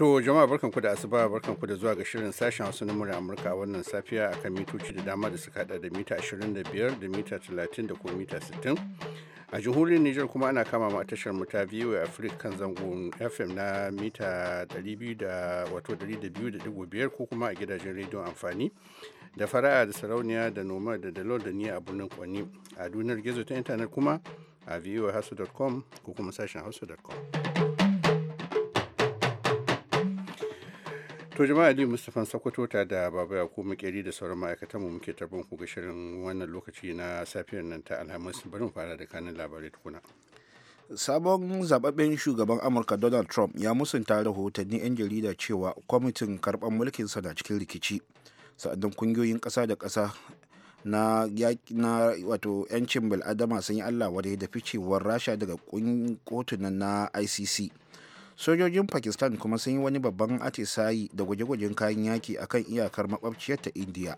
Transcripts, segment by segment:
To jama'a barkanku da asuba barkanku da zuwa ga shirin sashen wasu na murya Amurka wannan safiya akan mitoci da dama da suka hada da mita 25 da mita 30 da kuma mita 60. A jamhuriyar Nijar kuma ana kama ma tashar mu ta VOA Africa kan zangon FM na mita 200 wato 200.5 ko kuma a gidajen rediyon amfani da fara'a da sarauniya da noma da dalol da niya a birnin Kwani a duniyar gizo ta intanet kuma a voahasu.com ko kuma sashen hausa.com. To jama'a ali Mustapha Sokoto ta da Baba Yakubu Makeri da sauran ma'aikatan mu muke tarbon ku ga shirin wannan lokaci na safiyar nan ta Alhamis bari mu fara da kanin labarai tukuna. Sabon zababben shugaban Amurka Donald Trump ya musanta rahotanni 'yan jarida cewa kwamitin karɓar mulkinsa na cikin rikici. Sa'adan kungiyoyin kasa da kasa na wato 'yancin bil'adama sun yi Allah wadai da ficewar Rasha daga kotunan na ICC. sojojin pakistan kuma sun yi wani babban atisayi da gwaje-gwajen kayan yaki akan iyakar makwabciyar ta indiya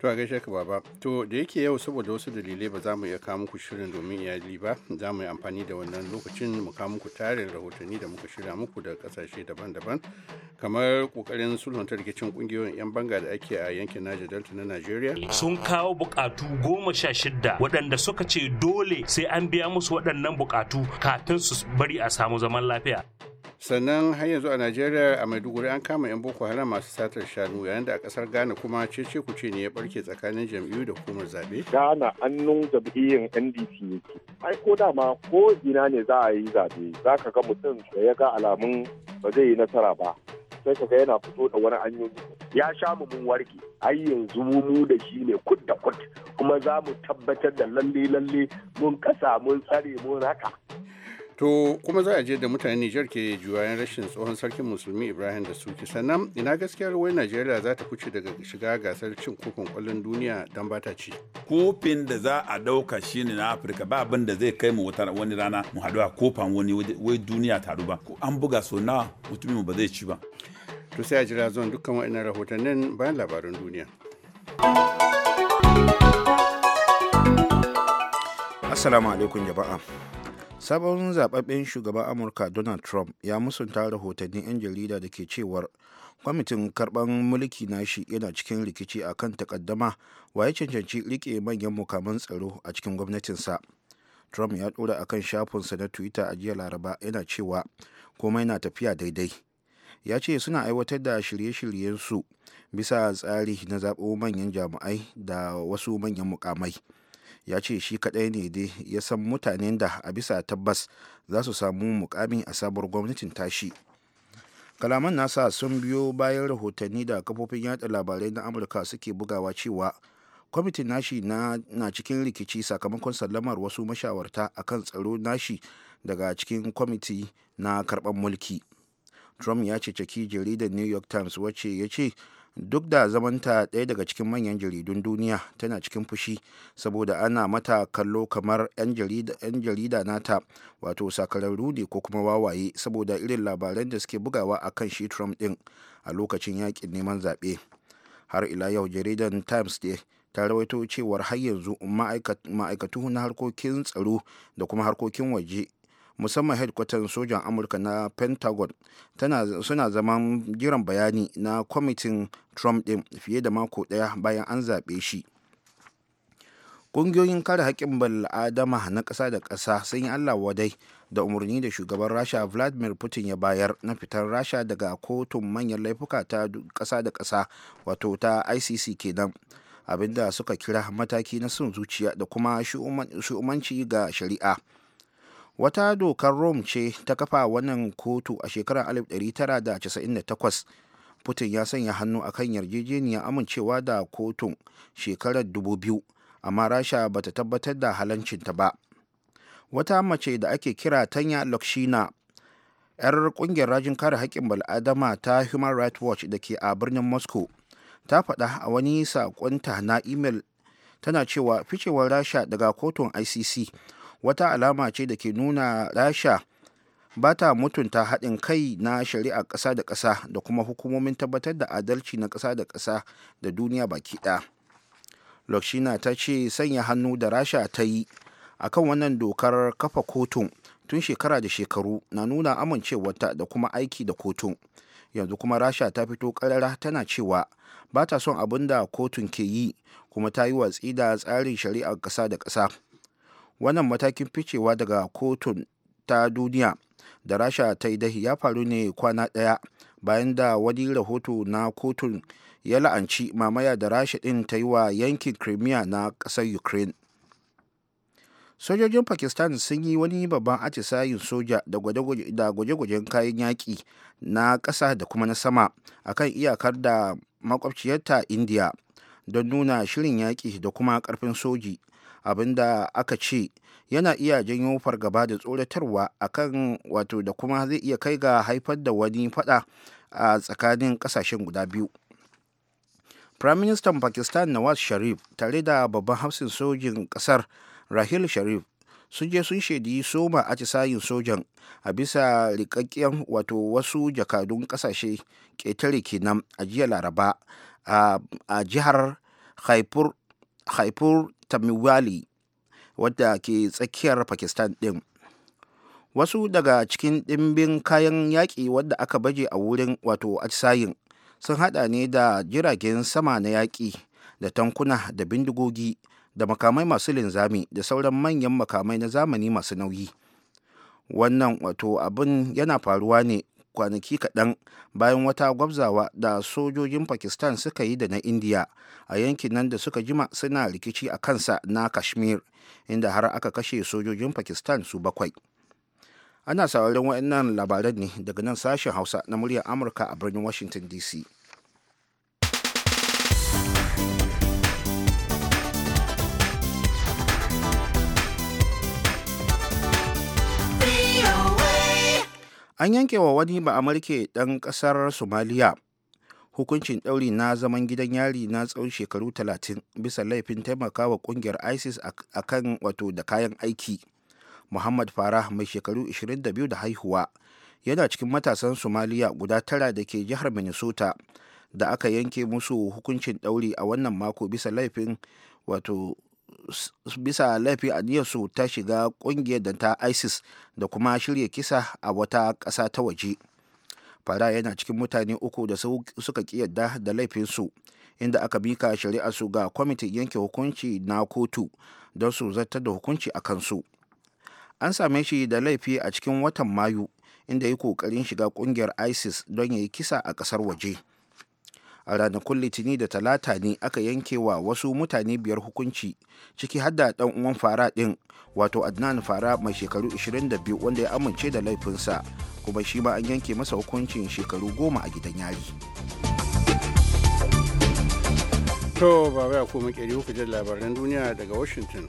to a gaishe ka baba to da yake yau saboda wasu dalilai ba za mu iya kawo muku shirin domin iyali ba za mu yi amfani da wannan lokacin mu kawo muku tarin rahotanni da muka shirya muku da kasashe daban-daban kamar kokarin sulhunta rikicin kungiyoyin yan banga da ake a yankin Niger Delta na Nigeria sun kawo bukatu goma sha shida waɗanda suka ce dole sai an biya musu waɗannan bukatu kafin su bari a samu zaman lafiya sannan har yanzu a najeriya a maiduguri an kama 'yan boko haram masu satar shanu yayin da a kasar ghana kuma cece kuce ne ya barke tsakanin jam'iyyu da hukumar zaɓe ghana annun jam'iyyin ndc yake ai ko dama ko ina ne za a yi zaɓe za ka ga mutum da ya ga alamun ba zai yi nasara ba sai ka ga yana fito da wani hanyoyi ya sha mu mun warke ai yanzu mu da shi ne kud da kud kuma za mu tabbatar da lalle lalle mun kasa mun tsare mun haka to kuma za a je da mutane Nijar ke juyayen rashin tsohon sarkin musulmi Ibrahim da suke sannan ina gaskiyar wai Najeriya za ta kuce daga shiga gasar cin kofin kwallon duniya dan bata ci kofin da za a shi ne na Afirka ba abin da zai kai mu wata wani rana mu haɗu a kofan wani wai duniya taru ba an buga so na mutumin ba zai ci ba to sai a jira zuwan dukkan wa'annan rahotannin bayan labaran duniya assalamu alaikum jama'a sabon zababben shugaban amurka donald trump ya musunta rahotannin 'yan jarida da ke cewar kwamitin karban mulki na shi yana cikin rikici a kan takaddama waye cancanci rike manyan mukamin tsaro a cikin gwamnatinsa trump ya dora a kan shafinsa na twitter a jiya laraba yana cewa komai na tafiya daidai ya ce suna aiwatar da shirye-shiryensu bisa tsari na zaɓo manyan jami'ai da wasu manyan mukamai. ya ce shi kaɗai ne dai ya san mutanen da a bisa tabbas za su samu mukamin a sabuwar gwamnatin tashi kalaman nasa sun biyo bayan rahotanni da kafofin yada labarai na amurka suke bugawa cewa kwamitin nashi na, na cikin rikici sakamakon sallamar wasu mashawarta a kan tsaro nashi daga cikin kwamiti na karɓar mulki trump ya ce jaridar new york times wacce ya ce duk da zamanta ɗaya daga cikin manyan jaridun duniya tana cikin fushi saboda ana mata kallo kamar 'yan jarida nata wato sakararru ne ko kuma wawaye saboda irin labaran da suke bugawa a kan shi trump ɗin a lokacin yakin neman zaɓe har ila yau jaridan times ne ta rawaito cewar har yanzu ma'aikatu na harkokin tsaro da kuma harkokin waje musamman hedkwatar sojan amurka na pentagon suna zaman jiran bayani na kwamitin trump din fiye da mako daya bayan an zaɓe shi ƙungiyoyin kare haƙƙin bal'adama na ƙasa da ƙasa sun yi allah wadai da umarni da shugaban rasha vladimir putin ya bayar na fitar rasha daga kotun manyan laifuka ta ƙasa da ƙasa wato ta icc kenan abinda suka kira mataki na sun zuciya da kuma shu'umanci ga shari'a wata dokar rome ce ta kafa wannan kotu a shekarar 1998 putin ya sanya hannu a kan yarjejeniyar amincewa da kotun shekarar 2000 amma rasha ba ta tabbatar da halancinta ba wata mace da ake kira tanya lokshina 'yar kungiyar rajin kare haƙƙin bal'adama ta human rights watch da ke a birnin moscow ta faɗa a wani saƙonta na imel tana cewa ficewar rasha daga kotun icc wata alama ce da ke nuna rasha ba ta mutunta haɗin kai na shari'a ƙasa da ƙasa da kuma hukumomin tabbatar da adalci na ƙasa da ƙasa da duniya baki ɗaya lokshina ta ce sanya hannu da rasha ta yi akan wannan dokar kafa kotun tun shekara da shekaru na nuna amincewarta da kuma aiki da kotun yanzu kuma rasha ta fito karara tana cewa ba ta son abin da kotun ke yi kuma ta yi watsi da tsarin shari'ar ƙasa da ƙasa wannan matakin ficewa daga kotun ta duniya da rasha ta yi dahi ya faru ne kwana daya bayan da wani rahoto na kotun ya la'anci mamaya da rasha din ta yi wa yankin crimea na kasar ukraine sojojin pakistan sun yi wani babban atisayin soja da gwaje-gwajen kayan yaƙi na ƙasa da kuma na sama a kan iyakar da makwabciyarta india don nuna shirin yaƙi da kuma ƙarfin soji abin da aka ce yana iya janyo fargaba da tsoratarwa akan wato da kuma zai iya kai ga haifar da wani fada a tsakanin kasashen guda biyu prime minister pakistan nawaz sharif tare da babban hafsin sojin kasar rahil sharif sun je sun shaidi soma a sojan a bisa rikakken wato wasu jakadun kasashe ƙetare kenan a jiya laraba a jihar haifur tamiwali wadda ke tsakiyar pakistan ɗin wasu daga cikin ɗimbin kayan yaƙi wadda aka baje a wurin wato atisayin sun haɗa ne da jiragen sama na yaƙi da tankuna da bindigogi da makamai masu linzami da sauran manyan makamai na zamani masu nauyi wannan wato abin yana faruwa ne kwanaki kaɗan bayan wata gwabzawa da sojojin pakistan suka yi da na indiya a yankin nan da suka jima suna rikici a kansa na kashmir inda har aka kashe sojojin pakistan su bakwai ana sauraron waɗannan labaran ne daga nan sashen hausa na muryar amurka a birnin washington dc an yanke wa wani ba ɗan ƙasar somaliya hukuncin ɗauri na zaman gidan yari na tsawon shekaru 30 bisa laifin taimakawa ƙungiyar isis a kan wato da kayan aiki muhammad farah mai shekaru 22 da haihuwa yana cikin matasan somaliya guda tara da ke jihar minnesota da aka yanke musu hukuncin ɗauri a wannan mako bisa laifin wato bisa laifi su ta shiga kungiyar da ta isis da kuma shirya kisa a wata ƙasa ta waje fara yana cikin mutane uku da suka yadda da laifinsu inda aka bika su ga kwamitin yanke hukunci na kotu don su zartar da hukunci a kansu an same shi da laifi a cikin watan mayu inda ya ƙoƙarin shiga kungiyar isis don ya yi kisa a ƙasar waje. a ranakun litini da talata ne aka yanke wa wasu mutane biyar hukunci ciki hadda dan uwan fara din wato adnan fara mai shekaru 22 wanda ya amince da laifinsa kuma shi ma an yanke masa hukuncin shekaru goma a gidan yari to baba ko ku labaran duniya daga washington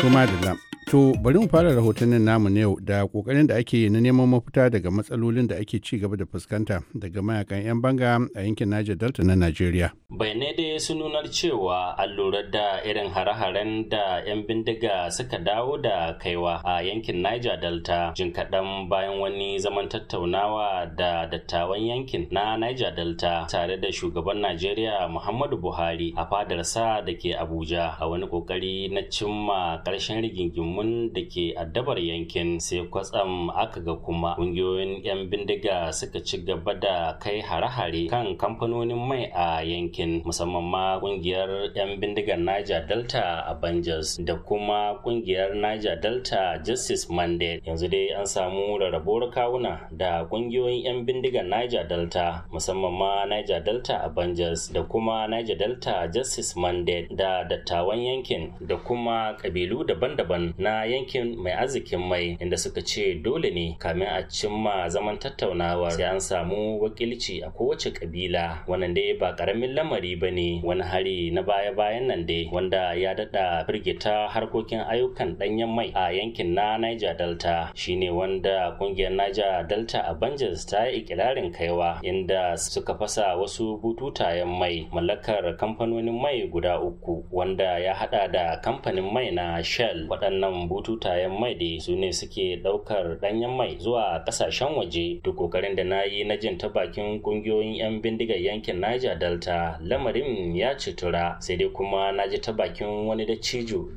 kuma da To bari mu fara rahotannin namu na yau da kokarin da ake na neman mafita daga matsalolin da ake ci gaba da fuskanta daga mayakan 'yan banga a yankin Niger Delta na Najeriya. Bayanai dai sun nunar cewa an lura da irin hare-haren da 'yan bindiga suka dawo da kaiwa a yankin Niger Delta jin kaɗan bayan wani zaman tattaunawa da dattawan yankin na Niger Delta tare da shugaban Najeriya Muhammadu Buhari a fadarsa da ke Abuja a wani kokari na cimma ƙarshen rigingimu mun da ke addabar yankin sai kwatsam aka ga kuma ƙungiyoyin 'yan bindiga suka ci gaba da kai hare-hare kan kamfanonin mai a yankin musamman ma ƙungiyar 'yan bindigar niger delta avengers da kuma ƙungiyar niger delta justice mandate yanzu dai an samu rarrabuwar kawuna da ƙungiyoyin 'yan bindigar niger delta musamman ma niger delta avengers da kuma niger delta justice mandate da dattawan yankin da kuma ƙabilu daban-daban na yankin mai arzikin mai inda suka ce dole ne kamin a cimma zaman tattaunawar sai an samu wakilci a kowace kabila wannan dai ba karamin lamari ba ne wani hari na baya-bayan nan dai wanda ya dada firgita harkokin ayyukan danyen mai a yankin na niger delta shine wanda kungiyar niger delta avengers ta yi ikirarin kaiwa inda suka fasa wasu bututayen mai mallakar kamfanonin mai guda uku wanda ya hada da kamfanin mai na shell waɗannan kan bututayen mai da su ne suke ɗaukar ɗanyen mai zuwa ƙasashen waje duk kokarin da na yi na jin ta bakin ƙungiyoyin 'yan bindigar yankin Niger Delta lamarin ya citura sai dai kuma na ji ta bakin wani da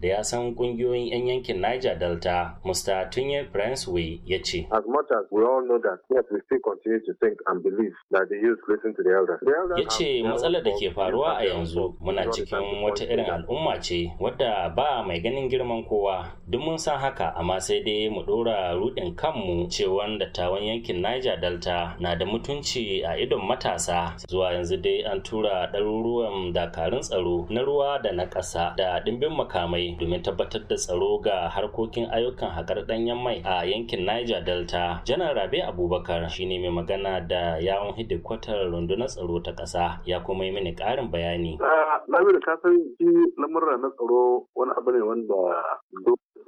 da ya san ƙungiyoyin 'yan yankin Niger Delta Mr. Tunye Princeway ya ce. As much as we all know that yes we still continue to think and believe that the youth listen to the elders. Ya ce matsalar da ke faruwa a yanzu muna cikin wata irin al'umma ce wadda ba mai ganin girman kowa duk mun san haka amma sai dai mu dora ruɗin kanmu wanda dattawan yankin niger delta na da mutunci a idon matasa zuwa yanzu dai an tura ɗaruruwan dakarun tsaro na ruwa da na ƙasa da ɗimbin makamai domin tabbatar da tsaro ga harkokin ayyukan haƙar ɗanyen mai a yankin niger delta janar rabe abubakar shine mai magana da yawon hidikwatar rundunar tsaro ta ƙasa ya kuma yi mini ƙarin bayani. Ah, Lamiru ka san shi lamurra na tsaro wani abu ne wanda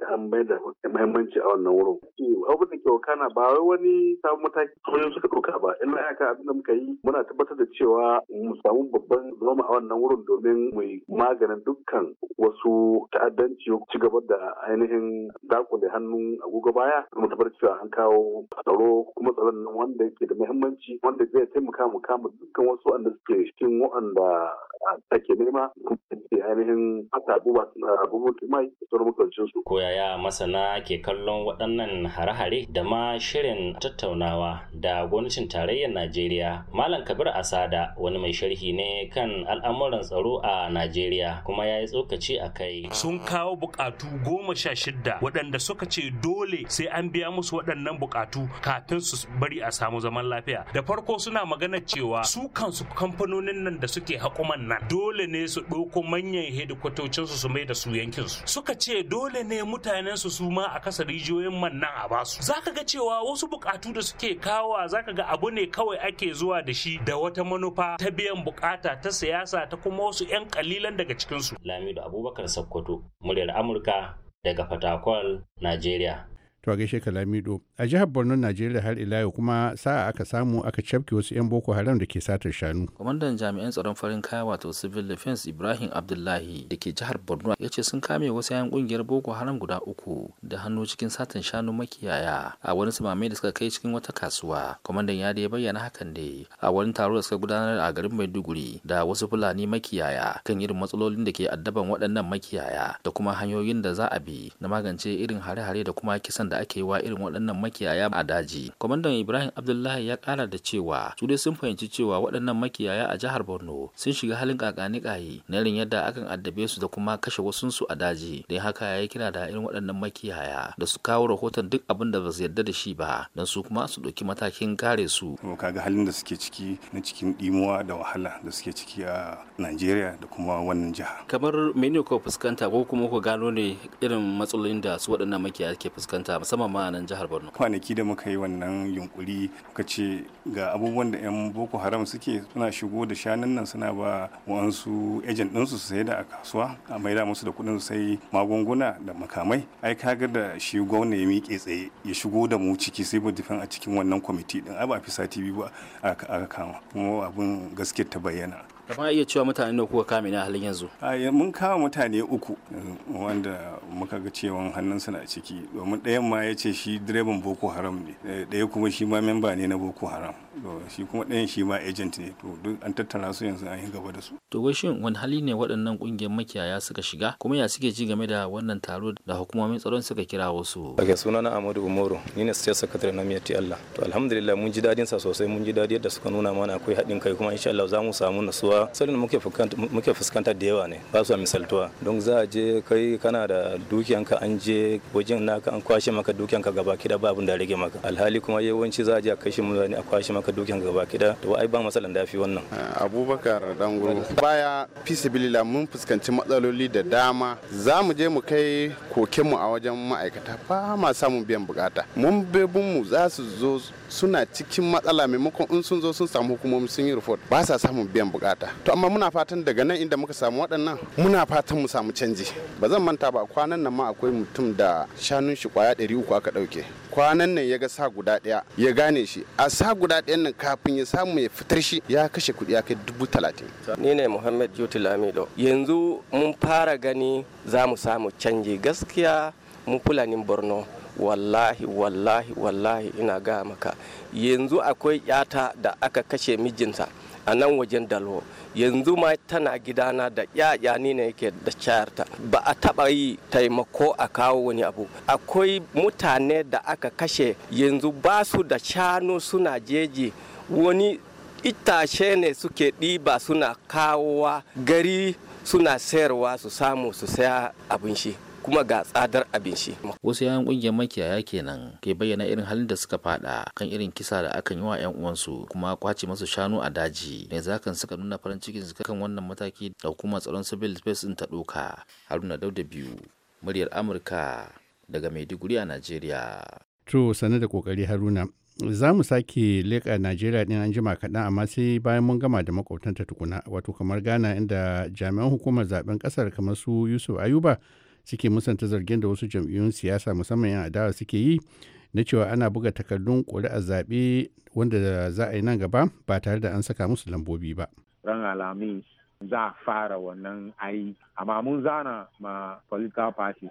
an bai da mahimmanci a wannan wurin. Abin da ke wakana ba wai wani sabon mataki sojin suka ɗauka ba. ina ya yaka abin da muka yi muna tabbatar da cewa mu samu babban zama a wannan wurin domin mu maganin dukkan wasu ta'addanci ci gaba da ainihin dakule hannu agogo baya mu tabbatar cewa an kawo tsaro kuma tsaron nan wanda yake da mahimmanci wanda zai taimaka mu kama dukkan wasu wanda suke cikin waɗanda ake nema kuma ainihin haka abubuwa suna abubuwan mai da sauran makamancin su. Ko ya ya masana ke kallon waɗannan hare-hare da ma shirin tattaunawa da gwamnatin tarayyar najeriya malam kabir asada wani mai sharhi ne kan al'amuran tsaro a najeriya kuma ya yi tsokaci a kai sun kawo bukatu goma sha shidda waɗanda suka ce dole sai an biya musu waɗannan bukatu kafin su bari a samu zaman lafiya da farko suna magana cewa su kansu kamfanonin nan da suke haƙuman nan dole ne su ɗauko manyan hedikwatocinsu su mai da su yankinsu suka ce dole ne mu Mutanensu su ma a kasa rijiyoyin man nan a basu zaka ga cewa wasu bukatu da suke kawowa zaka ga abu ne kawai ake zuwa da shi da wata manufa ta biyan bukata ta siyasa ta kuma wasu 'yan kalilan daga cikinsu. Lamido Abubakar Sokoto, muryar Amurka daga Fatakwal, Najeriya. to gaishe kalamido a jihar borno najeriya har ila yau kuma sa'a aka samu aka cafke wasu 'yan boko haram da ke satar shanu kwamandan jami'an tsaron farin kaya wato civil defense ibrahim abdullahi da ke jihar borno ya ce sun kame wasu 'yan kungiyar boko haram guda uku da hannu cikin satan shanu makiyaya a wani samame da suka kai cikin wata kasuwa kwamandan ya da ya bayyana hakan ne a wani taro da suka gudanar a garin maiduguri da wasu fulani makiyaya kan irin matsalolin da ke addaban waɗannan makiyaya da kuma hanyoyin da za a bi na magance irin hare-hare da kuma kisan da ake yi wa irin waɗannan makiyaya a daji kwamandan ibrahim abdullahi ya kara da cewa su dai sun fahimci cewa waɗannan makiyaya a jihar borno sun shiga halin kakanikaye na irin yadda akan addabe su da kuma kashe wasunsu a daji don haka ya yi kira da irin waɗannan makiyaya da su kawo rahoton duk abin da ba su yarda da shi ba don su kuma su ɗauki matakin kare su. kaga halin da suke ciki na cikin ɗimuwa da wahala da suke ciki a najeriya da kuma wannan jiha. kamar mene ko fuskanta ko kuma ku gano ne irin matsalolin da su waɗannan makiyaya ke fuskanta musamman ma nan jihar Borno. Kwanaki da muka yi wannan yunkuri muka ce ga abubuwan da 'yan Boko Haram suke suna shigo da shanun nan suna ba wa'ansu ejen ɗinsu su sai da a kasuwa a da musu da kuɗin sai magunguna da makamai. Ai ka ga da shi gwamna ya miƙe tsaye ya shigo da mu ciki sai ba a cikin wannan kwamiti ɗin ai ba fi sati biyu ba aka kama kuma abin gaske ta bayyana. kafin iya cewa mutane ne kuka kame na halin yanzu mun kama mutane uku eh, wanda muka ga cewa hannun suna ciki domin ɗayan ma ya ce shi direban boko haram ne eh, ɗaya kuma shi ma memba ne na boko haram shi kuma ɗayan shi ma agent ne to duk an tattara su yanzu an yi gaba da su to wai shin wani hali ne waɗannan kungiyar makiyaya suka shiga kuma ya suke ji game da wannan taro da hukumomin tsaron suka kira wasu ake sunana Ahmadu Umaru ni ne state secretary na Miyati Allah to alhamdulillah mun ji dadin sa sosai mun ji dadi yadda suka nuna mana akwai haɗin kai kuma insha Allah za mu samu nasuwa salin muke fuskanta muke fuskanta da yawa ne ba su misaltuwa don za a je kai kana da dukiyanka an je wajen naka an kwashe maka dukiyanka gaba ki da da rage maka alhali kuma yawanci za a je a kashe mutane a kwashe maka haka dokin gaba kida to ai ba matsalan dafi wannan eh, abubakar danguru baya fisibilila mun fuskanci matsaloli da dama za mu je mu kai mu a wajen ma'aikata ba ma samun biyan bukata mun mu za su zo suna cikin matsala maimakon in sun zo sun samu hukumomi sun yi report ba sa samun biyan bukata to amma muna fatan daga nan inda muka samu waɗannan muna fatan mu samu canji ba zan manta ba kwanan nan ma akwai mutum da shanun shi kwaya 300 aka ɗauke kwanan nan ya ga sa guda ɗaya ya gane shi a sa guda ɗin nan kafin ya samu ya fitar shi ya kashe kuɗi ya kai dubu talatin. Ni ne Muhammad Yuti Lamido. Yanzu mun fara gani za mu samu canji gaskiya mu fulanin Borno. Wallahi wallahi wallahi ina ga maka yanzu akwai yata da aka kashe mijinta a nan wajen dalho yanzu ma tana gidana da yaya ni ne yake da cayarta ba a taba yi taimako a kawo wani abu akwai mutane da aka kashe yanzu ba su da shanu suna jeji wani itace ne suke ɗiba suna kawowa gari suna sayarwa su samu su saya abin shi kuma ga tsadar abin shi. Wasu yayan kungiyar makiyaya kenan ke bayyana irin halin da suka fada kan irin kisa da akan yi wa 'yan uwansu kuma kwace masu shanu a daji. Me zakan suka nuna farin cikin su kan wannan mataki da hukumar tsaron civil space din ta doka. Haruna Dauda biyu muryar Amurka daga Maiduguri a Najeriya. To sane da kokari Haruna. Za mu sake leƙa Najeriya ɗin an jima kaɗan amma sai bayan mun gama da makwabtanta tukuna wato kamar Ghana inda jami'an hukumar zaben kasar kamar su Yusuf Ayuba suke musanta zargin da wasu jam'iyyun siyasa musamman 'yan adawa suke yi na cewa ana buga takardun ƙuri'ar zaɓe wanda za a yi nan gaba ba tare da an saka musu lambobi ba. Ran alami za a fara wannan ayi amma mun zana ma political parties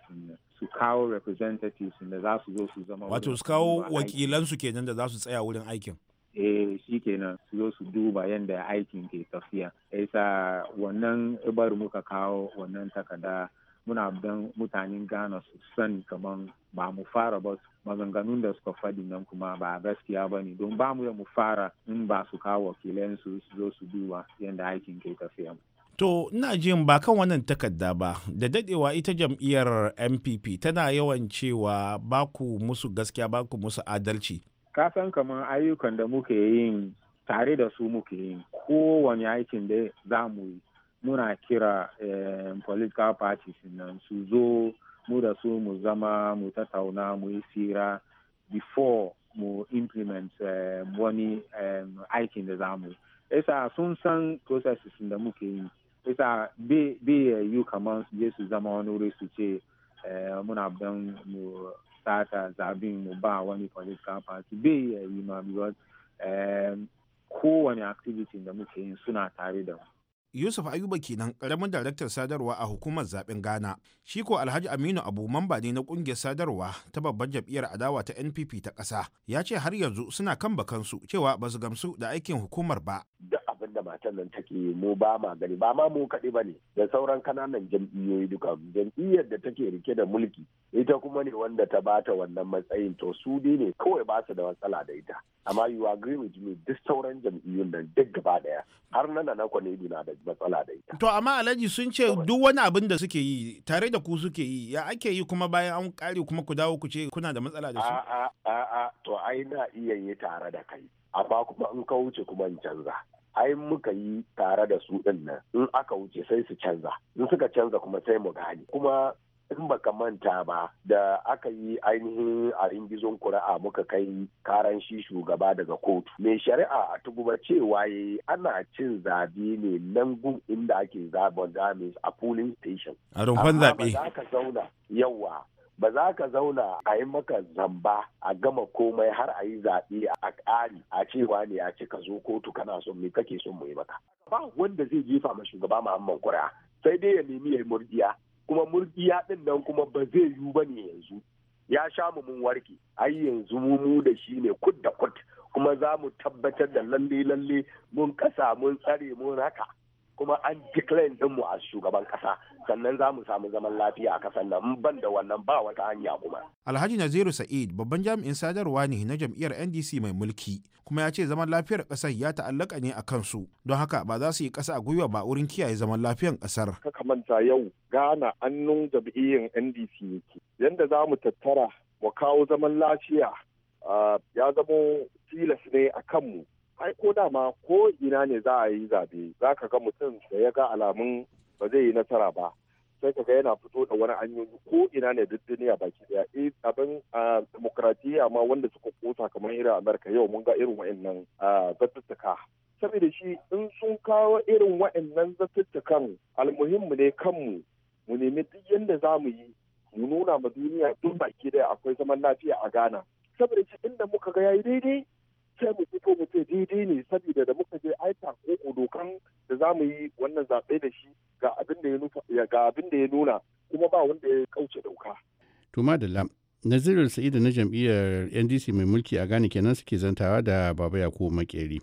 su kawo representatives da za su zo su zama wato su kawo wakilansu kenan da za su tsaya wurin aikin eh shi kenan su zo su duba yadda aikin ke tafiya isa wannan ibar muka kawo wannan takarda muna don mutanen ghana su sani kamar ba mu fara ba maganganun da suka faɗi nan kuma ba gaskiya ba ne don ba mu ya mu fara in ba su kawo wakilansu su zo su duba yadda aikin ke tafiya To, ina jin ba kan wannan takarda ba, da dadewa ita jam'iyyar MPP tana yawan cewa ba ku musu gaskiya ba ku musu adalci. Ka san kamar ayyukan da muke yin tare da su muke yin kowane aikin da za mu yi muna kira eh, political parties nan su zo mu da su mu zama mu tattauna mu yi sira before mu implement eh, wani eh, aikin da zamu mu isa sun san processes da muke yi isa bai yiwu kamar su je su zama wani wuri su ce muna don mu sata zabin mu ba wani political party bai yi ma because kowane activity da muke yi suna tare da mu Yusuf Ayuba kenan ƙaramin daraktar sadarwa a hukumar zaben Ghana. Shi ko Alhaji Aminu Abu mamba ne na ƙungiyar sadarwa ta Babban jam'iyyar adawa ta NPP ta ƙasa. Ya ce har yanzu suna kan bakansu cewa ba su gamsu da aikin hukumar ba. Da da matan nan take mu ba ma gani ba ma mu kaɗi ba ne da sauran kananan jam'iyyoyi duka jam'iyyar da take rike da mulki ita kuma ne wanda ta bata wannan matsayin to su dai ne kawai ba su da matsala da ita amma you agree with me duk sauran jam'iyyun nan duk gaba daya har nana na kwane na da matsala da ita to amma alhaji sun ce duk wani abin da suke yi tare da ku suke yi ya ake yi kuma bayan an kare kuma ku dawo ku ce kuna da matsala da su a a to ai na iya yi tare da kai amma kuma in ka wuce kuma in canza ai muka yi tare da su din nan in aka wuce sai su canza in suka canza kuma sai mu gani, kuma in baka manta ba da aka yi ainihin a ringizon kura'a muka kai karan shi shugaba daga kotu mai shari'a a tuguba cewa ya ana cin zabe ne nan gun inda ake zaben damis a polling station a rumfan zabe yawa ba za ka zauna a yi maka zamba a gama komai har a yi zaɓe a ƙari a cewa ne a cika zo kotu kana son me kake son mu yi maka ba wanda zai jefa ma shugaba Muhammad Kura sai dai ya nemi ya yi murdiya kuma murdiya ɗin nan kuma ba zai yiwu ba ne yanzu ya sha mu mun warke ai yanzu mu da shi ne kud da kud kuma za mu tabbatar da lalle lalle mun kasa mun tsare mun haka kuma an declare dinmu a shugaban kasa sannan za mu samu zaman lafiya a kasan nan ban da wannan ba wata hanya kuma. Alhaji Naziru Sa'id babban jami'in sadarwa ne na jam'iyyar NDC mai mulki kuma ya ce zaman lafiyar kasar ya ta'allaka ne a kansu don haka ba za su yi kasa a gwiwa ba wurin kiyaye zaman lafiyar kasar. Kaka manta yau gana annun jam'iyyar NDC yake yanda za mu tattara mu kawo zaman lafiya ah, ya zamo tilas ne a kanmu ai ko dama ko ina ne za a yi zabe za ka ga mutum da ya ga alamun ba zai yi nasara ba sai ka ga yana fito da wani hanyoyi ko ina ne duk duniya baki daya eh, abin demokradiyya ma wanda suka kosa kamar irin amurka yau mun ga irin wa'annan zattuttuka saboda shi in sun kawo irin wa'annan zattuttukan almuhimmu ne kanmu mu nemi duk yadda za mu yi mu nuna ma duniya duk baki daya akwai zaman lafiya a ghana saboda shi inda muka ga yayi daidai sai mu fito mu ce daidai ne saboda da muka je aika ko dokan da za mu yi wannan zaɓe da shi ga abin da ya nuna kuma ba wanda ya kauce dauka. To madalla Nazirar Sa'idu na jam'iyyar NDC mai mulki a gane kenan suke zantawa da Baba Yakubu Makeri.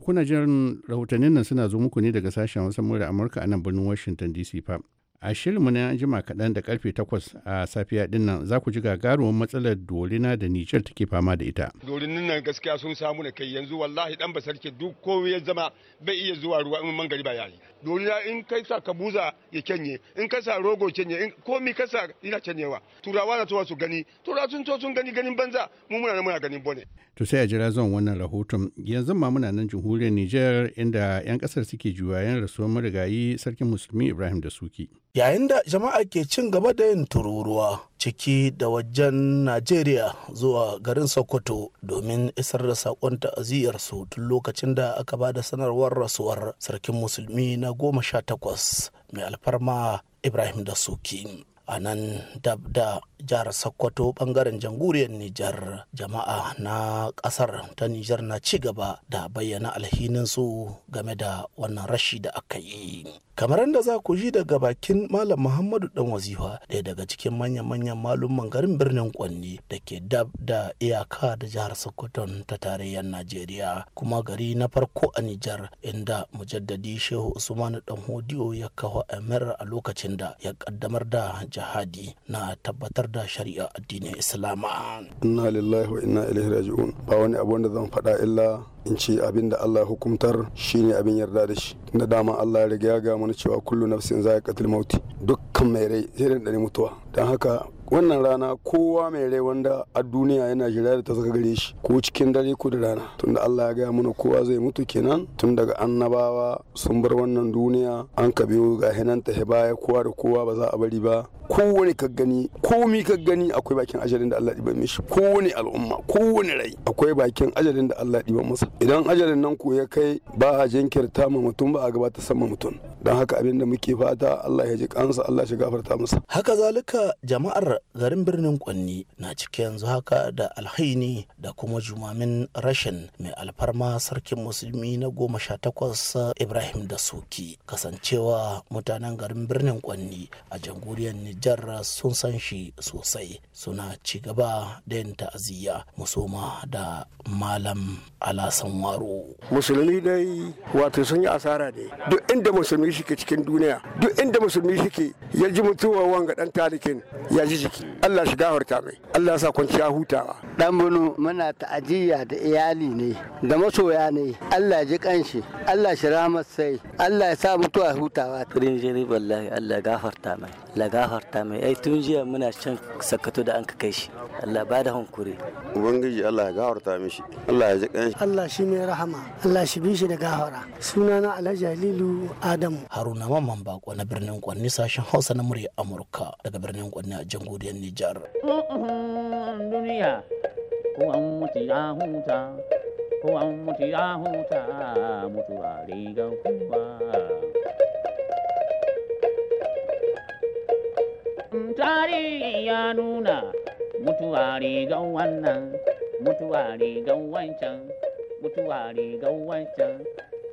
Kuna jin rahotannin nan suna zo muku ne daga sashen wasan murar Amurka a nan birnin Washington DC fa. a shirinmu na jima kaɗan da karfe 8 a safiya din nan za ku ji gagarumin matsalar dorina da nijar take fama da ita dolinin nan gaskiya sun samu da kai yanzu wallahi dan basarke duk ko ya zama bai iya zuwa ruwa in mangari ba yayi duniya in kai sa kabuza ya kenye in kai sa rogo kenye in komi kai sa ina kenyewa turawa na towa su gani turawa sun to sun gani ganin banza mu muna muna ganin bone to sai a jira zan wannan rahoton yanzu ma muna nan jamhuriyar Nijar inda 'yan kasar suke juyayen rasuwar marigayi sarkin musulmi Ibrahim da Suki yayin da jama'a ke cin gaba da yin tururuwa ciki da wajen Najeriya zuwa garin Sokoto domin isar da sakon ta'aziyar su tun lokacin da aka ba da sanarwar rasuwar sarkin musulmi na goma sha takwas mai alfarma ibrahim da suki a nan dab da jihar sokoto bangaren jamhuriyar nijar jama'a na kasar ta nijar na ci gaba da bayyana alhinin su game da wannan rashi da aka yi kamar da za ku ji daga bakin malam muhammadu dan wazifa ɗaya daga cikin manya-manyan malumman garin birnin kwanni da ke dab da iyaka da jihar sokoton ta tarayyar najeriya kuma gari na farko a nijar inda mujaddadi shehu usman dan hodiyo ya kawo emir a lokacin da ya kaddamar da jihadi na tabbatar da shari'a addinin islama inna lillahi wa inna ilaihi raji'un ba wani abu da zan faɗa illa in ce abin da Allah hukumtar ne abin yarda da shi na dama Allah ya riga ya ga mana cewa kullu nafsin za'iqatul mauti dukkan mai rai zai da mutuwa don haka wannan rana kowa mai rai wanda a duniya yana jira da ta zaka gare shi ko cikin dare ko da rana tunda Allah ya gaya mana kowa zai mutu kenan tun daga annabawa sun bar wannan duniya an ka biyo ga hinan ta baya kowa da kowa ba za a bari ba kowane ka gani komi ka gani akwai bakin ajalin da Allah ɗiba mishi kowane al'umma kowane rai akwai bakin ajalin da Allah ɗiba masa idan ajalin nan ko ya kai ba a jinkirta ma mutum ba a gabata sama mutum don haka abin da muke fata Allah ya ji kansa Allah shi gafarta masa haka zalika jama'ar garin birnin Kwanni na cike yanzu haka da alhaini da kuma jumamin rashin mai alfarma sarkin musulmi na goma sha takwas Ibrahim da Soki kasancewa mutanen garin birnin Kwanni a jamhuriyar Nijar sun san shi sosai suna ci gaba da yin ta'aziyya musoma da malam alasan waro musulmi dai wato sun yi asara ne duk inda musulmi musulmi shike cikin duniya duk inda musulmi shike ya ji mutuwa wanga dan talikin ya ji jiki Allah shi gafarta mai Allah ya sa kwanciya hutawa dan bunu muna ta'ajiyya da iyali ne da masoya ne Allah ji kanshi Allah shi rahmat sai Allah ya sa mutuwa hutawa turin jini wallahi Allah gafarta mai Allah gafarta mai ai tun jiya muna can sakato da an ka kai shi Allah ba da hankuri ubangiji Allah ya gafarta mishi Allah ya ji kanshi Allah shi mai rahama Allah shi bi shi da gafara sunana Alhaji Halilu Adam Haruna Mamman Bako na birnin Kwanni sashen Hausa na murya Amurka daga birnin Kwanni a jamhuriyar Nijar. Duniya ko an mutu ya huta ko an mutu ya huta mutuwa rigar kuma. Tarihi ya nuna mutuwa rigar wannan mutuwa rigar wancan mutuwa rigar wancan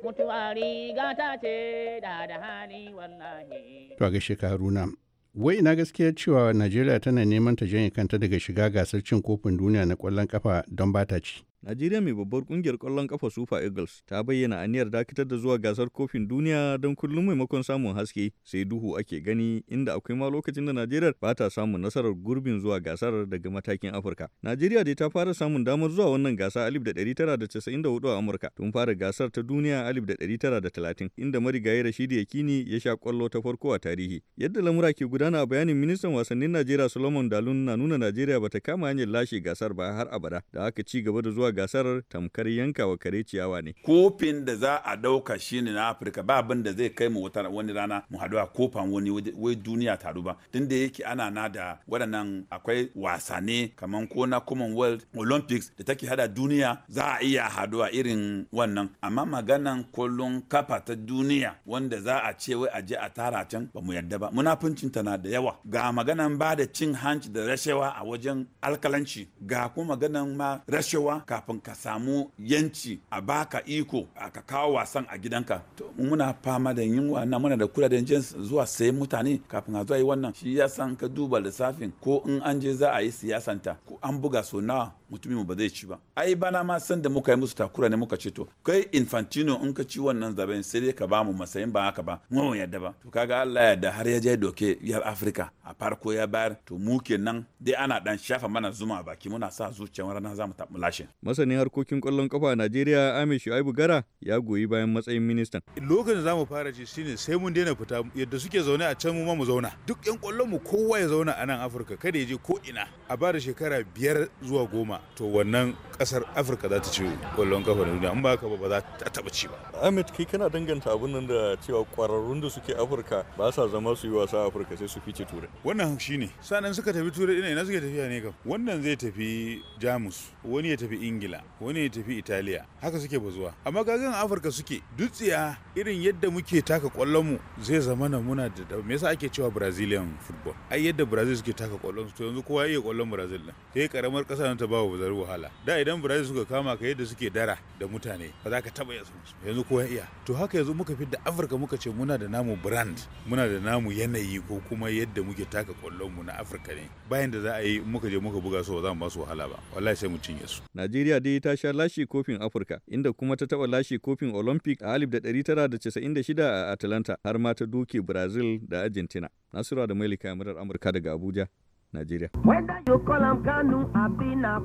mutuwa riga ta ce da da hali wallahi. To ga Haruna. Wai na gaskiya cewa Najeriya tana neman ta janye kanta daga shiga gasar cin kofin duniya na kwallon kafa don bata ci. Najeriya mai babbar kungiyar kwallon ƙafa Super Eagles ta bayyana aniyar dakatar da zuwa gasar kofin duniya don kullum maimakon samun haske sai duhu ake gani inda akwai ma lokacin da Najeriya ba ta samun nasarar gurbin zuwa gasar daga matakin Afirka. Najeriya dai ta fara samun damar zuwa wannan gasa 1994 a Amurka tun fara gasar ta duniya 1930 inda marigayi Rashidi Yakini ya sha kwallo ta farko a tarihi. Yadda lamura ke gudana a bayanin ministan wasannin Najeriya Solomon Dalun na nuna Najeriya ta kama hanyar lashe gasar ba har abada da aka ci gaba da zuwa gasar tamkar yankawa kare ciyawa ne kofin da za a ɗauka shine na afirka ba abin da zai kai mu wata wani rana mu haɗu a kofan wani wai duniya taru ba tun da yake ana na da waɗannan akwai wasane kamar ko na commonwealth olympics da take hada duniya za a iya haɗuwa irin wannan amma maganan kwallon kafa ta duniya wanda za a ce wai a je a tara can ba mu yadda ba munafuncin tana tana da yawa ga maganan ba da cin hanci da rashawa a wajen alkalanci ga kuma maganan ma rashawa ka kafin ka samu yanci a baka iko a ka kawo wasan a gidanka to muna fama da yunwa na muna da kula da jin zuwa sayan mutane kafin a zuwa yi wannan shi ya san ka duba lissafin ko in an je za a yi siyasanta ko an buga so nawa mutumin ba zai ci ba ai bana ma san da muka yi musu takura ne muka ce to kai infantino in ka ci wannan zaben sai dai ka bamu masayin ba haka ba mu yadda ba to kaga Allah ya yarda har ya je doke yar Africa a farko ya bayar to mu kenan dai ana dan shafa mana zuma baki muna sa zuciyar rana za mu tabu lashe masanin harkokin kwallon kafa a Najeriya Amir Shuaibu Gara ya goyi bayan matsayin ministan lokacin za mu fara ji shine sai mun daina fita yadda suke zaune a can mu ma mu zauna duk yan kwallon mu kowa ya zauna a nan Afirka kada ya je ko ina a bada shekara biyar zuwa goma to wannan kasar afirka za ta ci kwallon kafa na duniya in ba haka ba za ta taba ci ba ahmed kai kana danganta abun nan da cewa kwararrun da suke afirka ba sa zama su yi wasa afirka sai su fice turai wannan shine sanan suka tafi turai ina ina suke tafiya ne kam wannan zai tafi jamus wani ya tafi ingila wani ya tafi italiya haka suke bazuwa amma kagan afirka suke dutsiya irin yadda muke taka kwallon mu zai zama na muna da me yasa ake cewa brazilian football ai yadda brazil suke taka kwallon su to yanzu kowa ya iya kwallon brazil din sai karamar kasa ta ba kawo bazar wahala da idan brazil suka kama ka yadda suke dara da mutane ba za ka taba yasu yanzu ko ya iya to haka yanzu muka fi da afirka muka ce muna da namu brand muna da namu yanayi ko kuma yadda muke taka kwallon mu na afirka ne bayan da za a yi muka je muka buga su ba za mu ba su wahala ba wallahi sai mu cinye su najeriya dai ta sha lashe kofin afirka inda kuma ta taba lashe kofin olympic a 1996 a atlanta har ma ta doke brazil da argentina nasura da mailika murar amurka daga abuja Nigeria. Whether you call him Kanu, Abina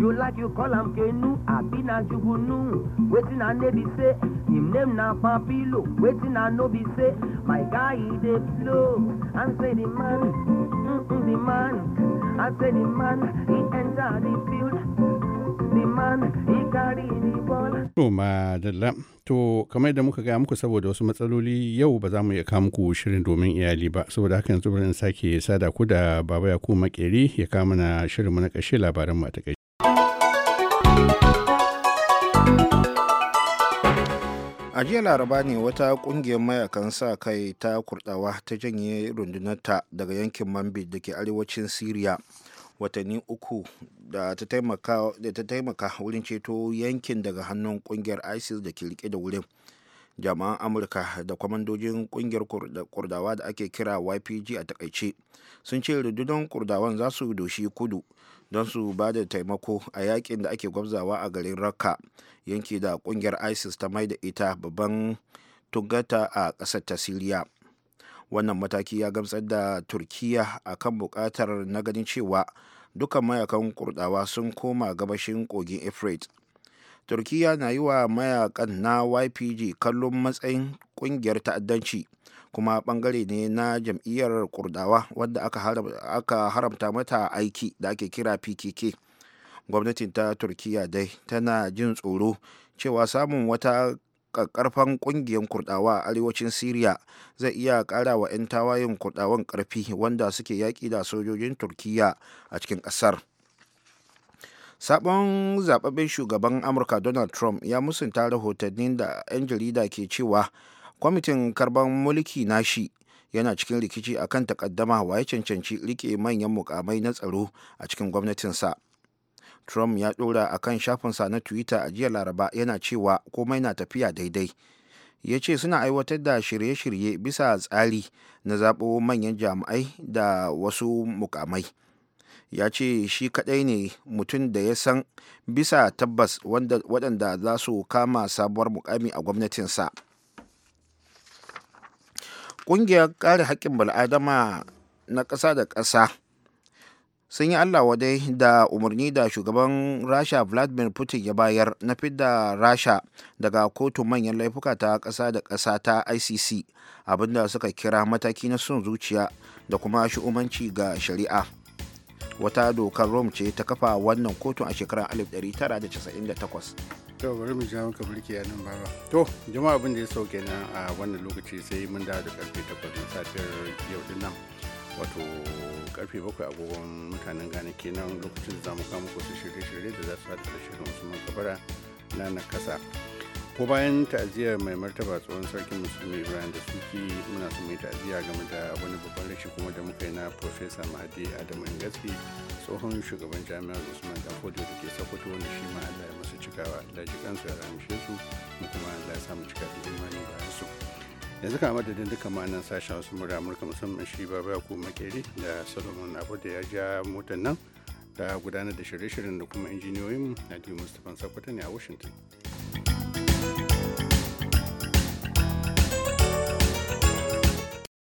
you like you call him Kenu, Abina Jugunu. Waiting on say, him name na Papilo. Waiting on Nobi say, my guy he And say the man, mm -mm, the man. I say the man, he enter the To dalla to kamar da muka gaya muku saboda wasu matsaloli yau ba za mu iya kawo muku shirin domin iyali ba, saboda haka yanzu bari in sake sada ku da Baba Yakubu Makeri ya kawo mana shirin mu na ƙarshe labaran mu a takaice. a jiya laraba ne wata kungiyar mayakan sa kai ta kurdawa ta janye rundunarta daga yankin manbij da ke arewacin syria watanni uku da ta taimaka wurin ceto yankin daga hannun kungiyar isis da ke rike da wurin jama'an amurka da kwamandojin kungiyar kurdawa da ake kira ypg a takaice sun ce rundunar kurdawan za su doshi kudu don su ba da taimako a yakin da ake gwabzawa a garin rakka yanki da kungiyar isis ta mai da ita babban tugata a ƙasar ta siriya wannan mataki ya gamsar da turkiya a kan bukatar na ganin cewa dukkan mayakan kurdawa sun koma gabashin kogin ifrit turkiya na yi wa mayakan na ypg kallon matsayin kungiyar ta'addanci kuma bangare ne na jam'iyyar kurdawa wadda aka, aka haramta mata aiki da ake kira pkk gwamnatin ta turkiya dai tana jin tsoro cewa samun wata ƙarfan ƙungiyar kurɗawa a arewacin Siriya zai iya ƙara wa 'yan tawayen kurɗawan ƙarfi wanda suke yaƙi da sojojin Turkiyya a cikin ƙasar. Sabon zababben shugaban Amurka Donald Trump ya musunta rahotannin da 'yan jarida ke cewa kwamitin karɓar mulki na shi yana cikin rikici akan takaddama wa ya cancanci rike manyan mukamai na tsaro a cikin gwamnatinsa. Trump ya ɗora a kan shafinsa na Twitter a jiya Laraba yana cewa komai na tafiya daidai. Ya ce suna aiwatar da shirye-shirye bisa tsari na zaɓo manyan jami'ai da wasu mukamai. Ya ce shi kaɗai ne mutum da ya san bisa tabbas waɗanda za su kama sabuwar mukami a gwamnatinsa. Ƙungiyar kare haƙƙin bal'adama na ƙasa da ƙasa sun yi allah wadai da umarni da shugaban rasha vladimir putin ya bayar na fidda rasha daga kotun manyan laifuka ta ƙasa da kasa ta icc abinda suka kira mataki na sun zuciya da kuma shu'umanci ga shari'a wata dokar rome ce ta kafa wannan kotun a shekarar 1998 to bari mu ja a nan baba to jama'a abin da ya sauke na a wannan lokaci sai mun da da karfe 8 na safiyar yau din nan wato karfe bakwai agogon mutanen gane kenan lokacin da zamu kama kusa shirye-shirye da za su haɗa da shirin usman kabara na na nakasa ko bayan ta'aziyar mai martaba tsohon sarkin musulmi ibrahim da suke muna su mai ta'aziyar game da wani babban rashi kuma da muka yi na profesa mahadi adamu ingaski tsohon shugaban jami'ar usman danfodiyo da ke sokoto wanda shi ma allah ya masu cikawa da ya ji ya ramshe su mu kuma allah ya samu cika da imani bayan su yanzu kama da duka ma'anan sashen wasu mura amurka musamman shi baba ya makeri da solomon abu da ya ja motar nan ta gudanar da shirye-shiryen da kuma injiniyoyin na mustapha sakwata ne a washington